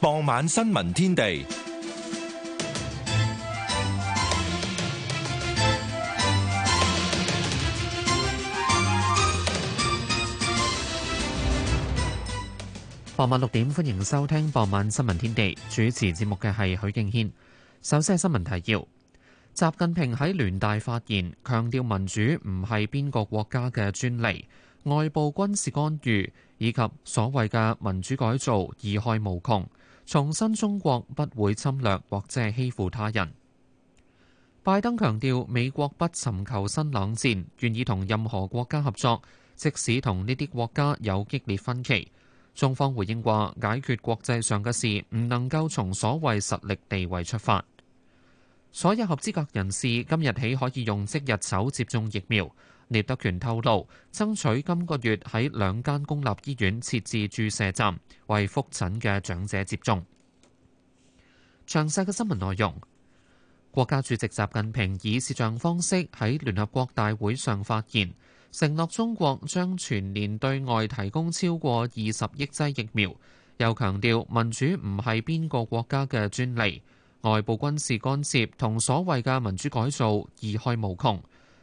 傍晚新聞天地，傍晚六點，歡迎收聽傍晚新聞天地。主持節目嘅係許敬軒。首先係新聞提要：習近平喺聯大發言，強調民主唔係邊個國家嘅專利。外部軍事干預以及所謂嘅民主改造，貽害無窮。重申中國不會侵略或者係欺負他人。拜登強調美國不尋求新冷戰，願意同任何國家合作，即使同呢啲國家有激烈分歧。中方回應話：解決國際上嘅事，唔能夠從所謂實力地位出發。所有合資格人士今日起可以用即日籌接種疫苗。聶德權透露，爭取今個月喺兩間公立醫院設置注射站，為複診嘅長者接種。詳細嘅新聞內容，國家主席習近平以視像方式喺聯合國大會上發言，承諾中國將全年對外提供超過二十億劑疫苗，又強調民主唔係邊個國家嘅專利，外部軍事干涉同所謂嘅民主改造，貽害無窮。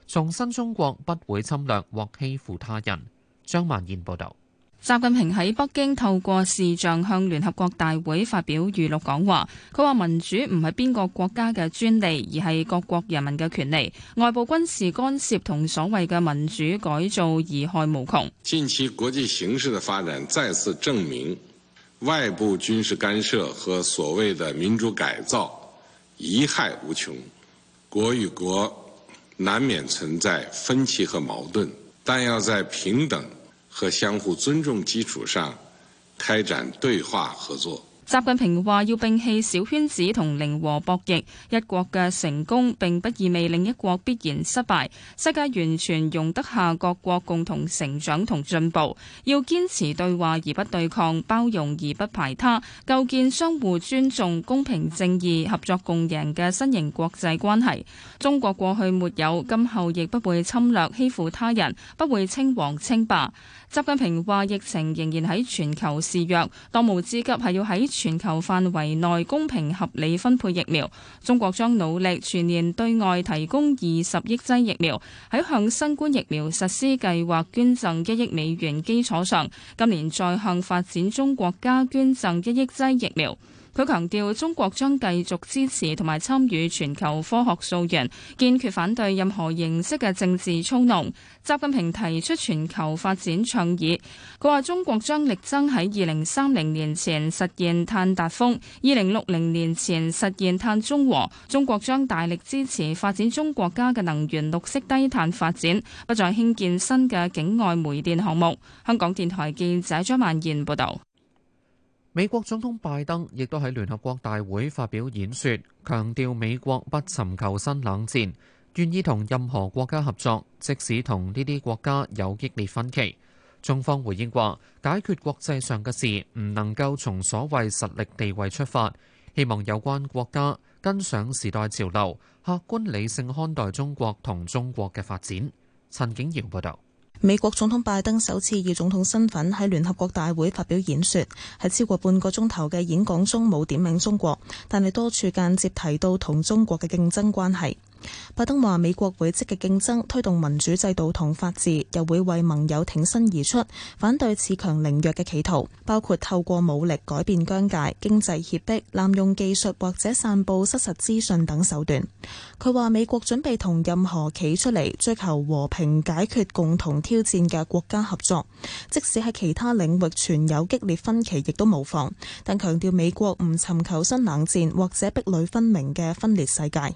從新中國不會侵略或欺負他人。張萬燕報導，習近平喺北京透過視像向聯合國大會發表預錄講話。佢話：民主唔係邊個國家嘅專利，而係各國人民嘅權利。外部軍事干涉同所謂嘅民主改造，貽害無窮。近期國際形勢嘅發展再次證明，外部軍事干涉和所謂嘅民主改造，貽害無窮。國與國，難免存在分歧和矛盾，但要在平等和相互尊重基礎上開展對話合作。習近平話：要摒棄小圈子同零和博弈，一國嘅成功並不意味另一國必然失敗。世界完全容得下各國共同成長同進步。要堅持對話而不對抗，包容而不排他，構建相互尊重、公平正義、合作共贏嘅新型國際關係。中國過去沒有，今後亦不會侵略欺負他人，不會稱王稱霸。習近平話：疫情仍然喺全球肆虐，當務之急係要喺全球範圍內公平合理分配疫苗。中國將努力全年對外提供二十億劑疫苗，喺向新冠疫苗實施計劃捐贈一億美元基礎上，今年再向發展中國家捐贈一億劑疫苗。佢強調中國將繼續支持同埋參與全球科學溯源，堅決反對任何形式嘅政治操弄。習近平提出全球發展倡議，佢話中國將力爭喺二零三零年前實現碳達峰，二零六零年前實現碳中和。中國將大力支持發展中國家嘅能源綠色低碳發展，不再興建新嘅境外煤電項目。香港電台記者張曼燕報導。美國總統拜登亦都喺聯合國大會發表演說，強調美國不尋求新冷戰，願意同任何國家合作，即使同呢啲國家有激烈分歧。中方回應話，解決國際上嘅事唔能夠從所謂實力地位出發，希望有關國家跟上時代潮流，客觀理性看待中國同中國嘅發展。陳景堯報道。美國總統拜登首次以總統身份喺聯合國大會發表演說，喺超過半個鐘頭嘅演講中冇點名中國，但係多處間接提到同中國嘅競爭關係。拜登話：美國會積極競爭，推動民主制度同法治，又會為盟友挺身而出，反對恃強凌弱嘅企圖，包括透過武力改變疆界、經濟脅迫、濫用技術或者散布失實資訊等手段。佢話：美國準備同任何企出嚟追求和平解決共同挑戰嘅國家合作，即使喺其他領域存有激烈分歧，亦都無妨。但強調美國唔尋求新冷戰或者壁壘分明嘅分裂世界。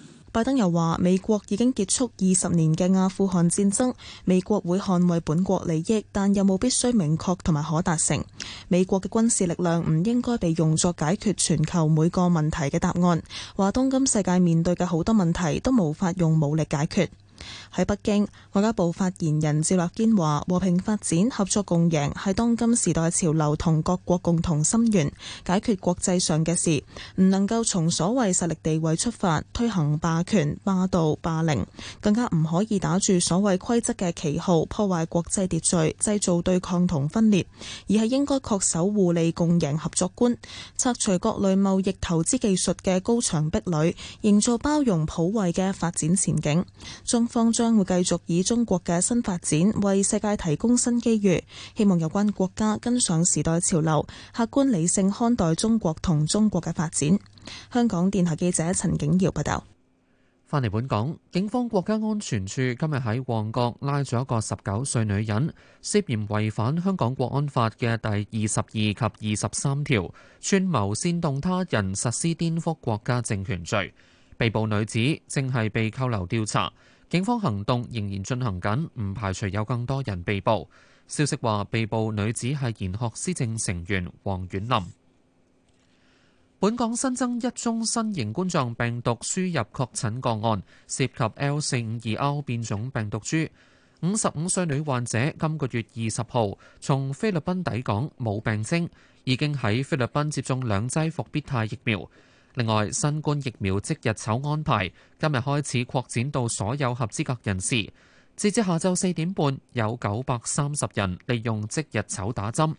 拜登又話：美國已經結束二十年嘅阿富汗戰爭，美國會捍衛本國利益，但任務必須明確同埋可達成。美國嘅軍事力量唔應該被用作解決全球每個問題嘅答案。話當今世界面對嘅好多問題都無法用武力解決。喺北京，外交部發言人趙立堅話，和平發展、合作共贏係當今時代潮流，同各國共同心願。解決國際上嘅事，唔能夠從所謂實力地位出發推行霸權霸道、霸凌，更加唔可以打住所謂規則嘅旗號破壞國際秩序、製造對抗同分裂，而係應該確守互利共贏合作觀，拆除各類貿易、投資技術嘅高牆壁壘，營造包容普惠嘅發展前景。中方將會繼續以中國嘅新發展為世界提供新機遇，希望有關國家跟上時代潮流，客觀理性看待中國同中國嘅發展。香港電台記者陳景瑤報道。翻嚟，本港警方國家安全處今日喺旺角拉咗一個十九歲女人,涉嫌違反香港國安法嘅第二十二及二十三條，串謀煽動他人實施顛覆國家政權罪，被捕女子正係被扣留調查。警方行動仍然進行緊，唔排除有更多人被捕。消息話，被捕女子係賢學思政成員黃沅琳。本港新增一宗新型冠狀病毒輸入確診個案，涉及 L 四五二 R 變種病毒株。五十五歲女患者今個月二十號從菲律賓抵港，冇病徵，已經喺菲律賓接種兩劑復必泰疫苗。另外，新冠疫苗即日籌安排今日開始擴展到所有合資格人士，截至下晝四點半，有九百三十人利用即日籌打針。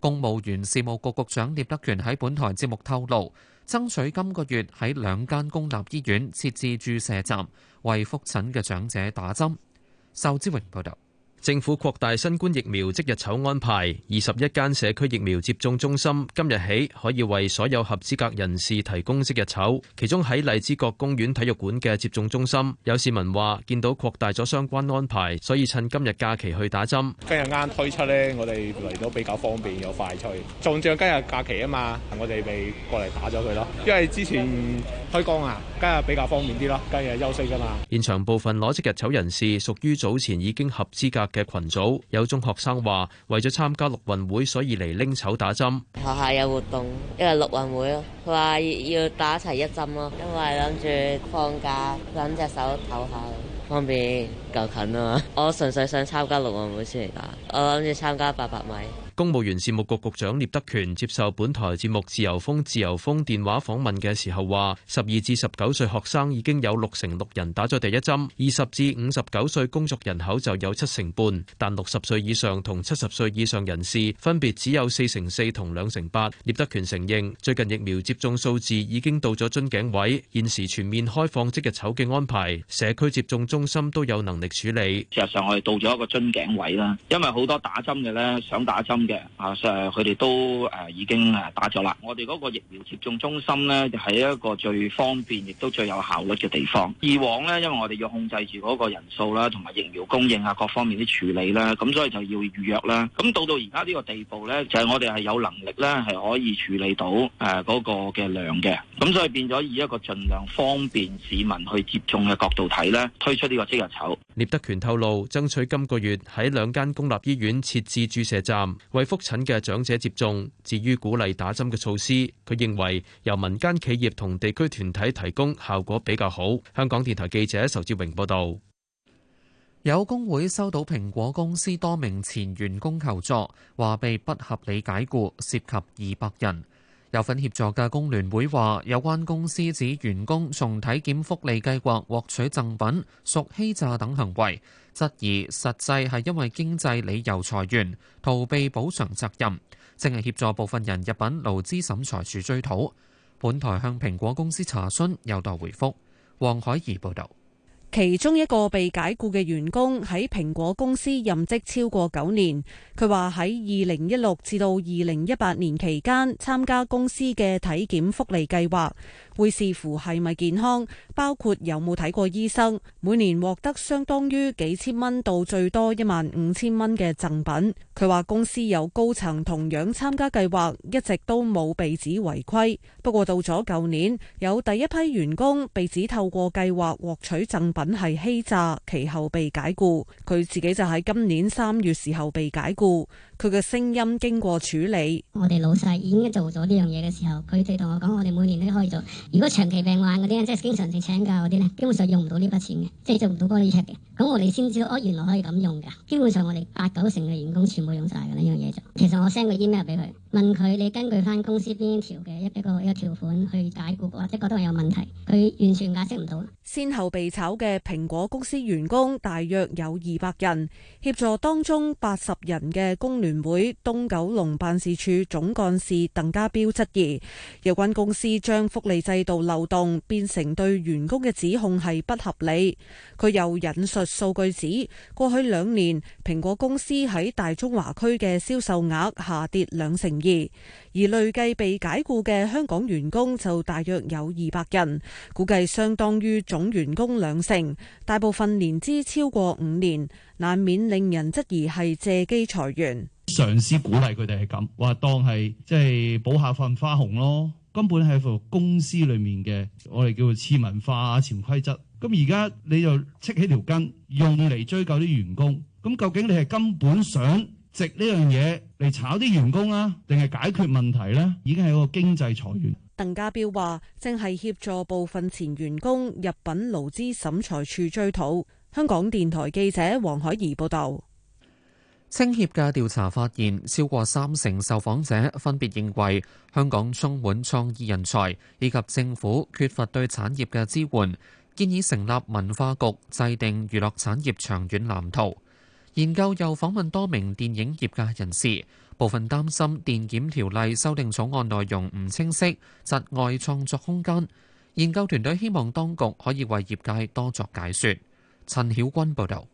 公務員事務局局，局長聶德權喺本台節目透露，爭取今個月喺兩間公立醫院設置注射站，為復診嘅長者打針。仇志榮報道。政府擴大新冠疫苗即日籌安排，二十一間社區疫苗接種中心今日起可以為所有合資格人士提供即日籌。其中喺荔枝角公園體育館嘅接種中心，有市民話見到擴大咗相關安排，所以趁今日假期去打針。今日啱推出呢，我哋嚟到比較方便又快脆。撞正今日假期啊嘛，我哋咪過嚟打咗佢咯。因為之前開工啊，今日比較方便啲咯，今日休息噶嘛。現場部分攞即日籌人士，屬於早前已經合資格，嘅群組有中學生話，為咗參加陸運會，所以嚟拎籌打針。學校有活動，因為陸運會咯，佢話要打齊一針咯，因為諗住放假，諗隻手唞下，方便夠近啊嘛。我純粹想參加陸運會先嚟打，我諗住參加八百米。公務員事務局局長聶德權接受本台節目《自由風自由風》電話訪問嘅時候話，十二至十九歲學生已經有六成六人打咗第一針，二十至五十九歲工作人口就有七成半，但六十歲以上同七十歲以上人士分別只有四成四同兩成八。聶德權承認，最近疫苗接種數字已經到咗樽頸位，現時全面開放即日籌嘅安排，社區接種中心都有能力處理。事實上，我哋到咗一個樽頸位啦，因為好多打針嘅咧想打針。嘅啊，實佢哋都誒已經誒打咗啦。我哋嗰個疫苗接種中心呢，就係一個最方便亦都最有效率嘅地方。以往呢，因為我哋要控制住嗰個人數啦，同埋疫苗供應啊各方面啲處理啦，咁所以就要預約啦。咁到到而家呢個地步呢，就係、是、我哋係有能力呢，係可以處理到誒嗰個嘅量嘅。咁所以變咗以一個盡量方便市民去接種嘅角度睇呢，推出呢個即日籌。聶德權透露，爭取今個月喺兩間公立醫院設置注射站。為覆診嘅長者接種，至於鼓勵打針嘅措施，佢認為由民間企業同地區團體提供效果比較好。香港電台記者仇志榮報道，有工會收到蘋果公司多名前員工求助，話被不合理解雇，涉及二百人。有份協助嘅工聯會話：有關公司指員工從體檢福利計劃獲取贈品屬欺詐等行為，質疑實際係因為經濟理由裁員，逃避補償責任，正係協助部分人入禀勞資審裁處追討。本台向蘋果公司查詢，有待回覆。黃海怡報導。其中一個被解雇嘅員工喺蘋果公司任職超過九年，佢話喺二零一六至到二零一八年期間參加公司嘅體檢福利計劃，會視乎係咪健康，包括有冇睇過醫生，每年獲得相當於幾千蚊到最多一萬五千蚊嘅贈品。佢話公司有高層同樣參加計劃，一直都冇被指違規，不過到咗舊年，有第一批員工被指透過計劃獲取贈品。係欺詐，其後被解僱。佢自己就喺今年三月時候被解僱。佢嘅聲音經過處理。我哋老細已經做咗呢樣嘢嘅時候，佢就同我講：我哋每年都可以做。如果長期病患嗰啲人，即係經常性請假嗰啲咧，基本上用唔到呢筆錢嘅，即係做唔到波爾赤嘅。咁我哋先知道哦，原來可以咁用噶。基本上我哋八九成嘅員工全部用晒噶呢樣嘢就。其實我 send 個 email 俾佢，問佢你根據翻公司邊條嘅一條一個一個條款去解僱，或者覺得係有問題，佢完全解釋唔到。先後被炒嘅。蘋果公司員工大約有二百人，協助當中八十人嘅工聯會東九龍辦事處總幹事鄧家彪質疑有關公司將福利制度漏洞變成對員工嘅指控係不合理。佢又引述數據指，過去兩年蘋果公司喺大中華區嘅銷售額下跌兩成二，而累計被解僱嘅香港員工就大約有二百人，估計相當於總員工兩成。大部分年資超過五年，難免令人質疑係借機裁員。上司鼓勵佢哋係咁，話當係即係補下份花紅咯，根本係一個公司裏面嘅我哋叫做黐文化，潛規則。咁而家你就砌起條筋，用嚟追究啲員工。咁究竟你係根本想藉呢樣嘢嚟炒啲員工啊，定係解決問題咧？已經係一個經濟裁員。鄧家彪話：正係協助部分前員工入稟勞資審裁處追討。香港電台記者黃海怡報道，青協嘅調查發現，超過三成受訪者分別認為香港充滿創意人才，以及政府缺乏對產業嘅支援，建議成立文化局，制定娛樂產業長遠藍圖。研究又訪問多名電影業界人士，部分擔心電檢條例修訂草案內容唔清晰，窒礙創作空間。研究團隊希望當局可以為業界多作解說。陳曉君報導，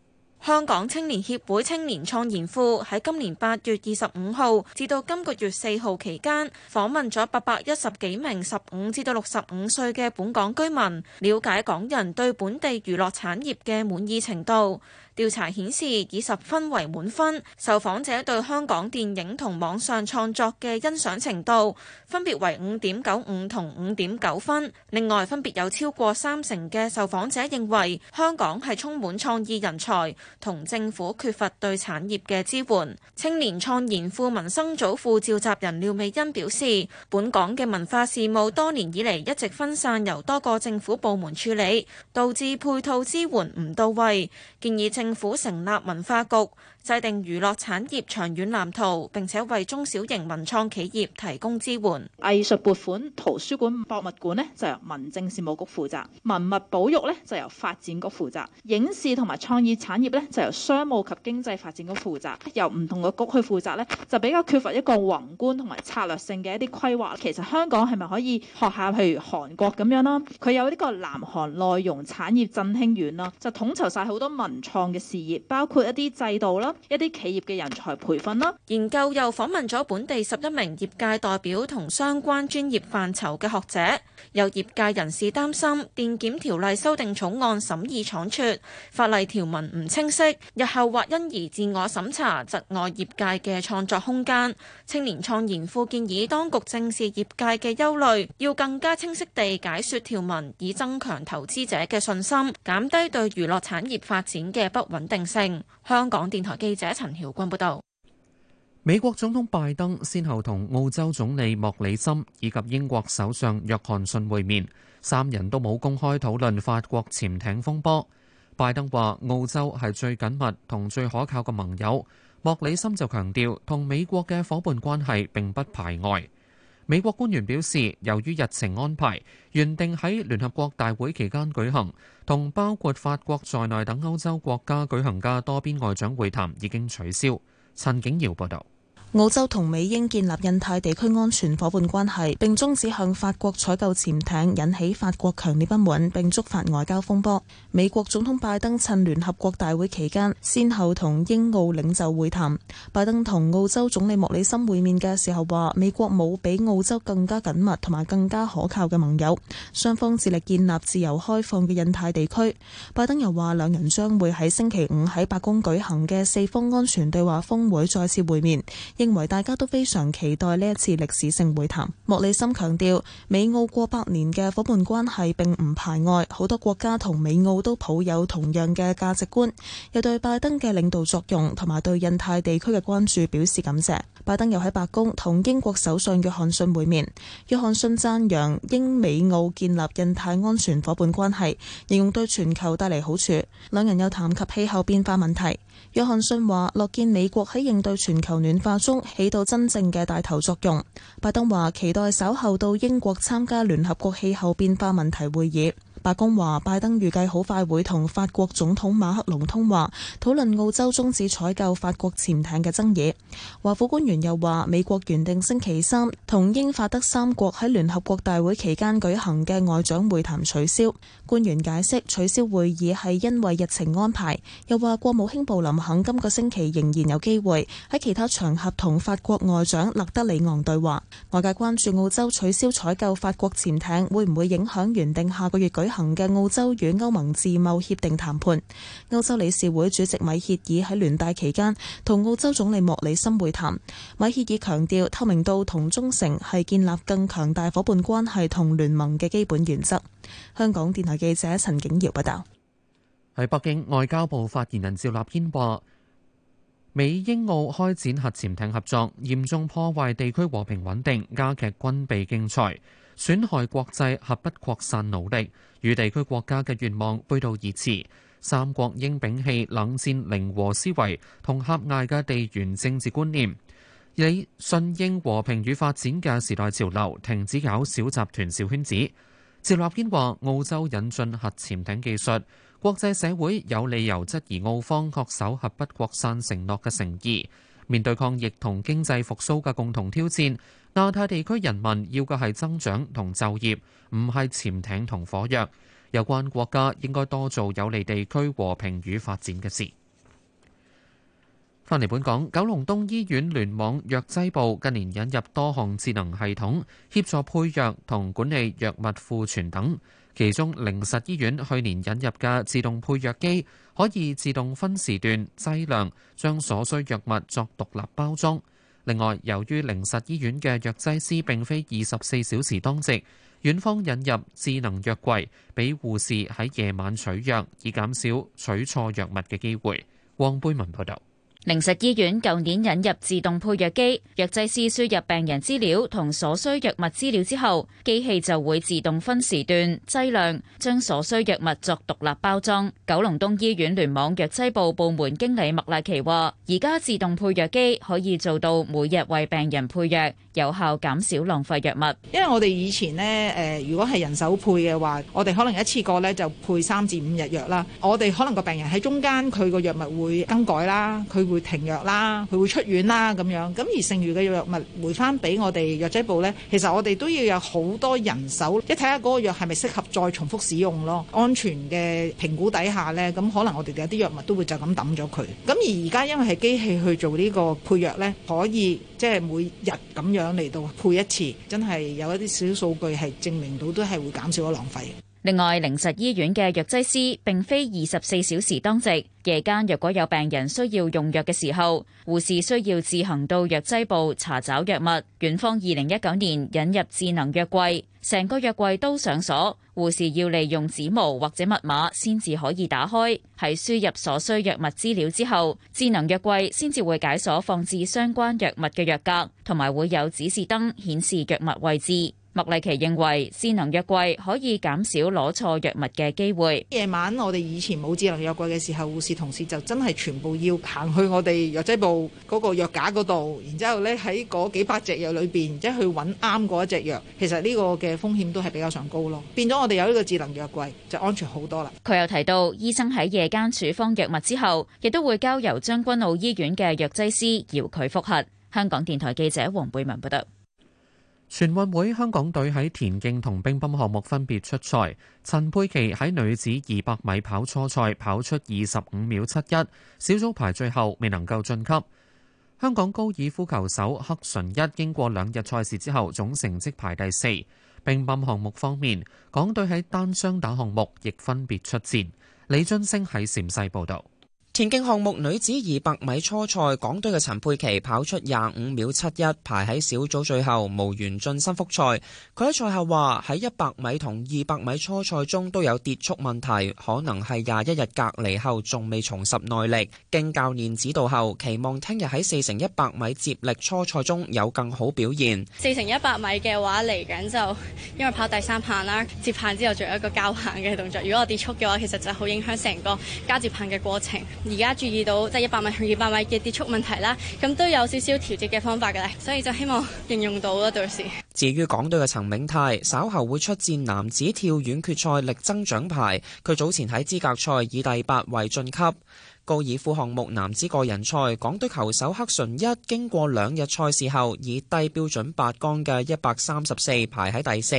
香港青年協會青年創研庫喺今年八月二十五號至到今個月四號期間，訪問咗八百一十幾名十五至到六十五歲嘅本港居民，了解港人對本地娛樂產業嘅滿意程度。調查顯示，以十分為滿分，受訪者對香港電影同網上創作嘅欣賞程度分別為五點九五同五點九分。另外，分別有超過三成嘅受訪者認為香港係充滿創意人才，同政府缺乏對產業嘅支援。青年創研庫民生組副召集人廖美欣表示，本港嘅文化事務多年以嚟一直分散由多個政府部門處理，導致配套支援唔到位，建議政府成立文化局，制定娛樂產業長遠藍圖，並且為中小型文創企業提供支援。藝術撥款、圖書館、博物館咧就由民政事務局負責；文物保育咧就由發展局負責；影視同埋創意產業咧就由商務及經濟發展局負責。由唔同嘅局去負責咧，就比較缺乏一個宏觀同埋策略性嘅一啲規劃。其實香港係咪可以學下譬如韓國咁樣啦？佢有呢個南韓內容產業振興院啦，就統籌晒好多文創。嘅事業，包括一啲制度啦，一啲企業嘅人才培訓啦。研究又訪問咗本地十一名業界代表同相關專業範疇嘅學者。有業界人士擔心電檢條例修訂草案審議倉卒，法例條文唔清晰，日後或因而自我審查，窒礙業界嘅創作空間。青年創研庫建議當局正視業界嘅憂慮，要更加清晰地解説條文，以增強投資者嘅信心，減低對娛樂產業發展嘅不穩定性。香港電台記者陳曉君報道，美國總統拜登先後同澳洲總理莫里森以及英國首相約翰遜會面，三人都冇公開討論法國潛艇風波。拜登話澳洲係最緊密同最可靠嘅盟友，莫里森就強調同美國嘅伙伴關係並不排外。美國官員表示，由於日程安排，原定喺聯合國大會期間舉行，同包括法國在內等歐洲國家舉行嘅多邊外長會談已經取消。陳景堯報道。澳洲同美英建立印太地區安全夥伴關係，並終止向法國採購潛艇，引起法國強烈不滿，並觸發外交風波。美國總統拜登趁聯合國大會期間先後同英澳領袖會談。拜登同澳洲總理莫里森會面嘅時候話美國冇比澳洲更加緊密同埋更加可靠嘅盟友。雙方致力建立自由開放嘅印太地區。拜登又話兩人將會喺星期五喺白宮舉行嘅四方安全對話峰會再次會面。認為大家都非常期待呢一次歷史性會談。莫里森強調，美澳過百年嘅夥伴關係並唔排外，好多國家同美澳都抱有同樣嘅價值觀，又對拜登嘅領導作用同埋對印太地區嘅關注表示感謝。拜登又喺白宮同英國首相約翰遜會面，約翰遜讚揚英美澳建立印太安全夥伴關係，形容對全球帶嚟好處。兩人又談及氣候變化問題。約翰遜話：落見美國喺應對全球暖化中起到真正嘅帶頭作用。拜登話：期待稍後到英國參加聯合國氣候變化問題會議。白宮話，拜登預計好快會同法國總統馬克龍通話，討論澳洲終止採購法國潛艇嘅爭議。華府官員又話，美國原定星期三同英法德三國喺聯合國大會期間舉行嘅外長會談取消。官員解釋，取消會議係因為日程安排。又話國務卿布林肯今個星期仍然有機會喺其他場合同法國外長勒德里昂對話。外界關注澳洲取消採購法國潛艇會唔會影響原定下個月舉行。行嘅澳洲與歐盟自貿協定談判，歐洲理事會主席米歇爾喺聯大期間同澳洲總理莫里森會談。米歇爾強調透明度同忠誠係建立更強大夥伴關係同聯盟嘅基本原則。香港電台記者陳景瑤報道。喺北京，外交部發言人趙立堅話：美英澳開展核潛艇合作，嚴重破壞地區和平穩定，加劇軍備競賽，損害國際核不擴散努力。與地區國家嘅願望背道而馳，三國應摒棄冷戰零和思維同狹隘嘅地緣政治觀念，以順應和平與發展嘅時代潮流，停止搞小集團、小圈子。趙立堅話：澳洲引進核潛艇技術，國際社會有理由質疑澳方恪守核不擴散承諾嘅誠意。面對抗疫同經濟復甦嘅共同挑戰，亞太地區人民要嘅係增長同就業，唔係潛艇同火藥。有關國家應該多做有利地區和平與發展嘅事。翻嚟本港，九龍東醫院聯網藥劑部近年引入多項智能系統，協助配藥同管理藥物庫存等。其中，靈實醫院去年引入嘅自動配藥機，可以自動分時段劑量，將所需藥物作獨立包裝。另外，由於靈實醫院嘅藥劑師並非二十四小時當值，院方引入智能藥櫃，俾護士喺夜晚取藥，以減少取錯藥物嘅機會。黃貝文報道。靈實醫院舊年引入自動配藥機，藥劑師輸入病人資料同所需藥物資料之後，機器就會自動分時段、劑量，將所需藥物作獨立包裝。九龍東醫院聯網藥劑部部門經理麥麗琪話：而家自動配藥機可以做到每日為病人配藥，有效減少浪費藥物。因為我哋以前呢，誒，如果係人手配嘅話，我哋可能一次過呢就配三至五日藥啦。我哋可能個病人喺中間，佢個藥物會更改啦，佢，會停藥啦，佢會出院啦，咁樣咁而剩餘嘅藥物回翻俾我哋藥劑部呢，其實我哋都要有好多人手一睇下嗰個藥係咪適合再重複使用咯，安全嘅評估底下呢，咁可能我哋有啲藥物都會就咁抌咗佢。咁而而家因為係機器去做呢個配藥呢，可以即係每日咁樣嚟到配一次，真係有一啲小數據係證明到都係會減少咗浪費。另外，靈實醫院嘅藥劑師並非二十四小時當值，夜間若果有病人需要用藥嘅時候，護士需要自行到藥劑部查找藥物。院方二零一九年引入智能藥櫃，成個藥櫃都上鎖，護士要利用指模或者密碼先至可以打開。喺輸入所需藥物資料之後，智能藥櫃先至會解鎖放置相關藥物嘅藥格，同埋會有指示燈顯示藥物位置。麥麗琪認為智能藥櫃可以減少攞錯藥物嘅機會。夜晚我哋以前冇智能藥櫃嘅時候，護士同事就真係全部要行去我哋藥劑部嗰個藥架嗰度，然之後咧喺嗰幾百隻藥裏邊，即係去揾啱嗰一隻藥，其實呢個嘅風險都係比較上高咯，變咗我哋有呢個智能藥櫃就安全好多啦。佢又提到，醫生喺夜間處方藥物之後，亦都會交由將軍澳醫院嘅藥劑師遙距複核。香港電台記者黃貝文報道。全運會香港隊喺田徑同乒乓項目分別出賽，陳佩琪喺女子二百米跑初賽跑出二十五秒七一，小組排最後，未能夠晉級。香港高爾夫球手黑純一經過兩日賽事之後，總成績排第四。乒乓項目方面，港隊喺單雙打項目亦分別出戰。李津星喺陝西報導。田徑項目女子二百米初賽，港隊嘅陳佩琪跑出廿五秒七一，排喺小組最後，無緣晉身復賽。佢喺賽後話：喺一百米同二百米初賽中都有跌速問題，可能係廿一日隔離後仲未重拾耐力。經教練指導後，期望聽日喺四乘一百米接力初賽中有更好表現。四乘一百米嘅話，嚟緊就因為跑第三棒啦，接棒之後仲有一個交棒嘅動作。如果我跌速嘅話，其實就好影響成個加接棒嘅過程。而家注意到即係一百米同二百米嘅跌速問題啦，咁都有少少調節嘅方法嘅咧，所以就希望應用到咯。到時至於港隊嘅陳銘泰，稍後會出戰男子跳遠決賽，力爭獎牌。佢早前喺資格賽以第八位晉級。高爾夫項目男子個人賽，港隊球手克純一經過兩日賽事後，以低標準八杆嘅一百三十四排喺第四；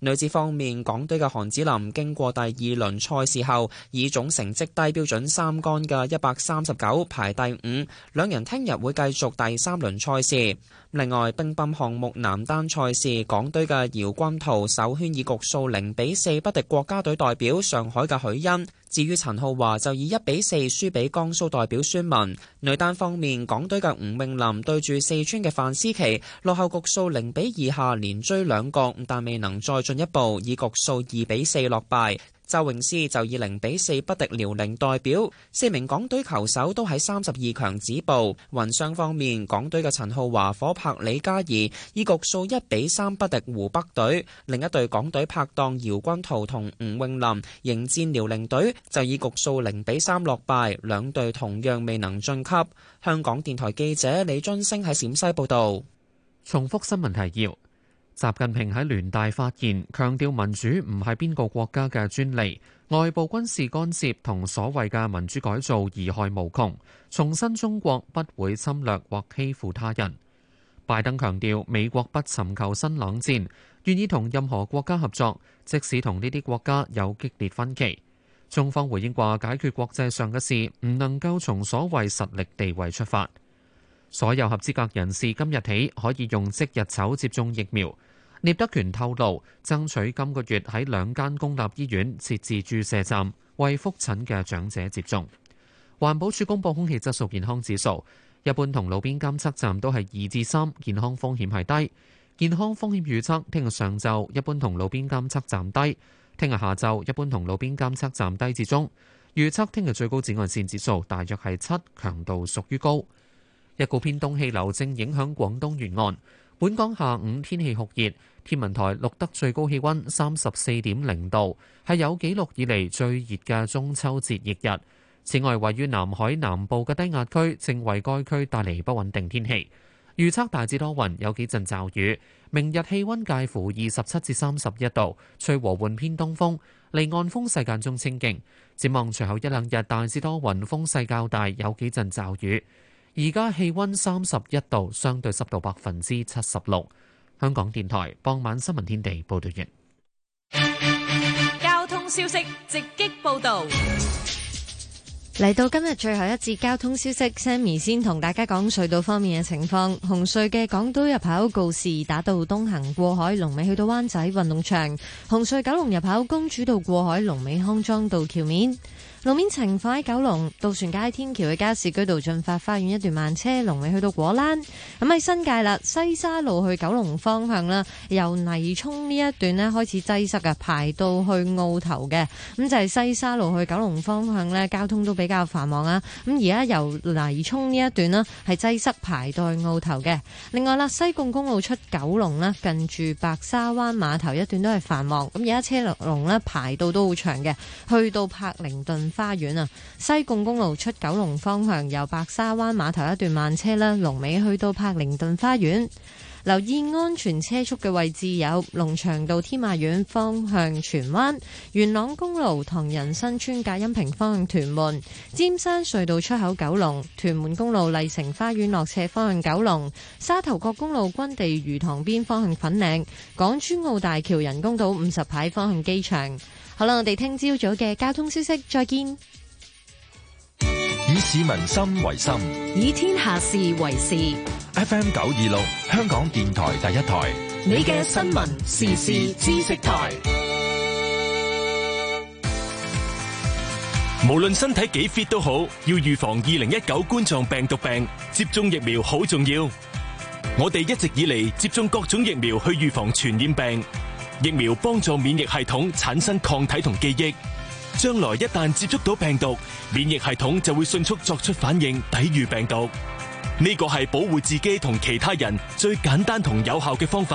女子方面，港隊嘅韓子林經過第二輪賽事後，以總成績低標準三杆嘅一百三十九排第五。兩人聽日會繼續第三輪賽事。另外，乒乓項目男單賽事，港隊嘅姚君濤首圈以局數零比四不敵國家隊代表上海嘅許昕。至於陳浩華就以一比四輸俾江蘇代表孫文。女單方面，港隊嘅吳詠琳對住四川嘅范思琦，落後局數零比二下，連追兩局，但未能再進一步，以局數二比四落敗。鄒榮詩就以零比四不敵遼寧代表，四名港隊球手都喺三十二強止步。混雙方面，港隊嘅陳浩華、夥拍李嘉儀以局數一比三不敵湖北隊，另一隊港隊拍檔姚君圖同吳詠林迎戰遼寧隊，就以局數零比三落敗，兩隊同樣未能晉級。香港電台記者李津升喺陝西報道。重複新聞提要。習近平喺聯大發言，強調民主唔係邊個國家嘅專利，外部軍事干涉同所謂嘅民主改造貽害無窮，重申中國不會侵略或欺負他人。拜登強調美國不尋求新冷戰，願意同任何國家合作，即使同呢啲國家有激烈分歧。中方回應話，解決國際上嘅事唔能夠從所謂實力地位出發。所有合資格人士今日起可以用即日籌接種疫苗。聶德權透露，爭取今個月喺兩間公立醫院設置注射站，為復診嘅長者接種。環保署公布空氣質素健康指數，一般同路邊監測站都係二至三，健康風險係低。健康風險預測，聽日上晝一般同路邊監測站低，聽日下晝一般同路邊監測站低至中。預測聽日最高紫外線指數大約係七，強度屬於高。一股偏東氣流正影響廣東沿岸，本港下午天氣酷熱，天文台錄得最高氣温三十四點零度，係有紀錄以嚟最熱嘅中秋節翌日。此外，位於南海南部嘅低壓區正為該區帶嚟不穩定天氣，預測大致多雲，有幾陣驟雨。明日氣温介乎二十七至三十一度，吹和緩偏東風，離岸風勢間中清勁。展望隨後一兩日，大致多雲，風勢較大，有幾陣驟雨。而家氣溫三十一度，相對濕度百分之七十六。香港電台傍晚新聞天地報道完。交通消息直擊報道，嚟到今日最後一節交通消息，Sammy 先同大家講隧道方面嘅情況。紅隧嘅港島入口告士打道東行過海龍尾去到灣仔運動場，紅隧九龍入口公主道過海龍尾康莊道橋面。路面情況喺九龍渡船街天橋嘅加士居道駿發花園一段慢車龍未去到果欄，咁、嗯、喺新界啦，西沙路去九龍方向啦，由泥涌呢一段呢開始擠塞啊，排到去澳頭嘅，咁、嗯、就係、是、西沙路去九龍方向呢，交通都比較繁忙啊，咁而家由泥涌呢一段啦，係擠塞排到去澳頭嘅。另外啦，西貢公路出九龍啦，近住白沙灣碼頭一段都係繁忙，咁而家車龍呢，排到都好長嘅，去到柏靈頓花園啊，西貢公路出九龍方向，由白沙灣碼頭一段慢車啦，龍尾去到柏寧頓花園。留意安全車速嘅位置有龍翔道天馬苑方向荃灣、元朗公路唐人新村隔音屏方向屯門、尖山隧道出口九龍、屯門公路麗城花園落斜方向九龍、沙頭角公路軍地魚塘邊方向粉嶺、港珠澳大橋人工島五十牌方向機場。好啦，我哋聽朝早嘅交通消息，再見。以市民心為心，以天下事為事。FM 九二六，香港電台第一台，你嘅新聞時事知識台。無論身體幾 fit 都好，要預防二零一九冠狀病毒病，接種疫苗好重要。我哋一直以嚟接種各種疫苗去預防傳染病。疫苗幫助免疫系統產生抗體同記憶，將來一旦接觸到病毒，免疫系統就會迅速作出反應抵禦病毒。呢個係保護自己同其他人最簡單同有效嘅方法。